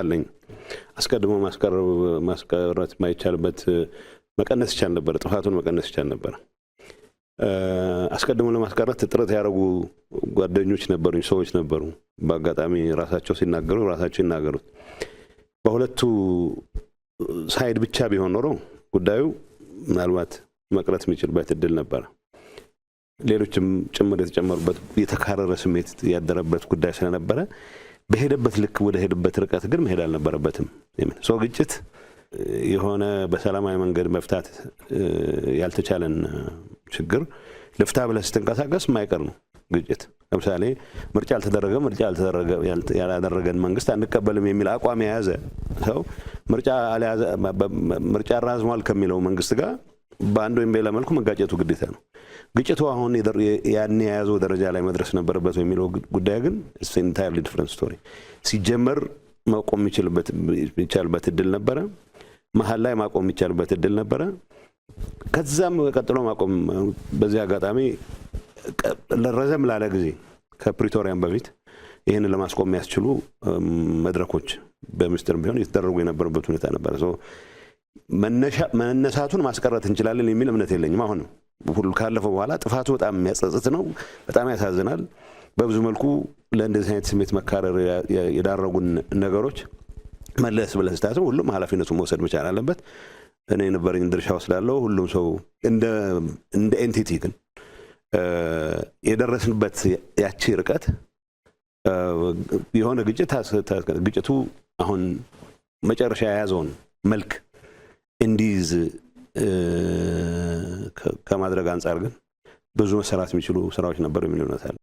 አለኝ። አስቀድሞ ማስቀረት ማይቻልበት መቀነስ ይቻል ነበረ፣ ጥፋቱን መቀነስ ይቻል ነበረ። አስቀድሞ ለማስቀረት ጥረት ያደረጉ ጓደኞች ነበሩኝ፣ ሰዎች ነበሩ። በአጋጣሚ ራሳቸው ሲናገሩ ራሳቸው ይናገሩት። በሁለቱ ሳይድ ብቻ ቢሆን ኖሮ ጉዳዩ ምናልባት መቅረት የሚችልበት እድል ነበረ። ሌሎችም ጭምር የተጨመሩበት የተካረረ ስሜት ያደረበት ጉዳይ ስለነበረ በሄደበት ልክ ወደ ሄድበት ርቀት ግን መሄድ አልነበረበትም። ሰው ግጭት የሆነ በሰላማዊ መንገድ መፍታት ያልተቻለን ችግር ልፍታ ብለህ ስትንቀሳቀስ የማይቀር ነው ግጭት። ለምሳሌ ምርጫ አልተደረገ ምርጫ ያላደረገን መንግስት አንቀበልም የሚል አቋም የያዘ ሰው ምርጫ አራዝሟል ከሚለው መንግስት ጋር በአንድ ወይም በሌላ መልኩ መጋጨቱ ግዴታ ነው። ግጭቱ አሁን ያን የያዘው ደረጃ ላይ መድረስ ነበረበት የሚለው ጉዳይ ግን ኢንታይርሊ ዲፍረንት ስቶሪ። ሲጀመር ማቆም የሚቻልበት እድል ነበረ። መሀል ላይ ማቆም የሚቻልበት እድል ነበረ። ከዛም ቀጥሎ ማቆም በዚህ አጋጣሚ ረዘም ላለ ጊዜ ከፕሪቶሪያን በፊት ይህንን ለማስቆም የሚያስችሉ መድረኮች በሚስጥር ቢሆን የተደረጉ የነበረበት ሁኔታ ነበረ። መነሳቱን ማስቀረት እንችላለን የሚል እምነት የለኝም አሁንም ሁሉ ካለፈው በኋላ ጥፋቱ በጣም የሚያጸጽት ነው። በጣም ያሳዝናል። በብዙ መልኩ ለእንደዚህ አይነት ስሜት መካረር የዳረጉን ነገሮች መለስ ብለን ስታስብ ሁሉም ኃላፊነቱን መውሰድ መቻል አለበት። እኔ የነበረኝ ድርሻ ወስዳለሁ። ሁሉም ሰው እንደ ኤንቲቲ ግን የደረስንበት ያቺ ርቀት የሆነ ግጭት ግጭቱ አሁን መጨረሻ የያዘውን መልክ እንዲይዝ ከማድረግ አንጻር ግን ብዙ መሰራት የሚችሉ ስራዎች ነበሩ የሚል እምነት አለ።